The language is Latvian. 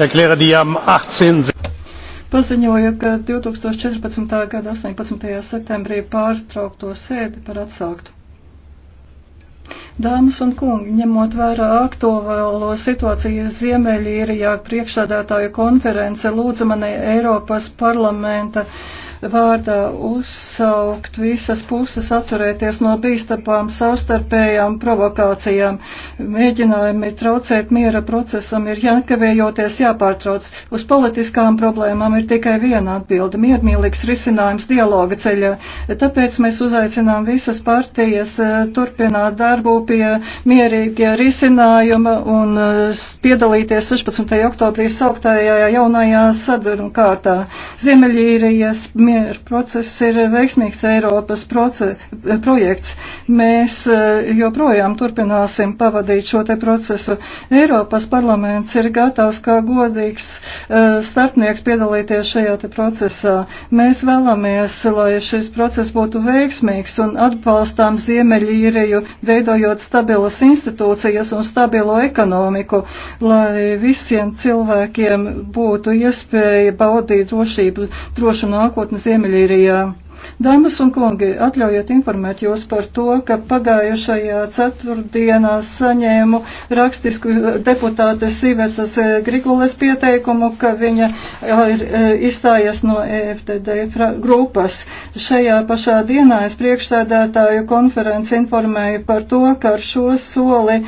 erkläre die am 18. Paziņoja, ka 2014. gada 18. septembrī pārtraukto sēdi par atsāktu. Dāmas un kungi, ņemot vērā aktuālo situāciju Ziemeļīrijā, priekšsādātāju konference lūdza mani Eiropas parlamenta uh, vārdā uzsaukt visas puses atturēties no bīstamām savstarpējām provokācijām. Mēģinājumi traucēt miera procesam ir jākavējoties jāpārtrauc. Uz politiskām problēmām ir tikai viena atbilde - miermīlīgs risinājums dialoga ceļā. Tāpēc mēs uzaicinām visas partijas eh, turpināt darbu pie mierīgie risinājuma un eh, piedalīties 16. oktobrī sauktājā jaunajā sadarunkārtā. Ziemeļīrijas Mieru process ir veiksmīgs Eiropas proce, projekts. Mēs eh, joprojām turpināsim pavadīt šo te procesu. Eiropas parlaments ir gatavs kā godīgs eh, starpnieks piedalīties šajā te procesā. Mēs vēlamies, lai šis process būtu veiksmīgs un atbalstām Ziemeļīriju, veidojot stabilas institūcijas un stabilo ekonomiku, lai visiem cilvēkiem būtu iespēja baudīt drošību, drošu nākotnes Ziemeļīrijā. Dāmas un kungi, atļaujiet informēt jūs par to, ka pagājušajā ceturtdienā saņēmu rakstisku deputātes Sivetas Grigules pieteikumu, ka viņa ir izstājies no EFTD grupas. Šajā pašā dienā es priekšsēdētāju konferenci informēju par to, ka ar šo soli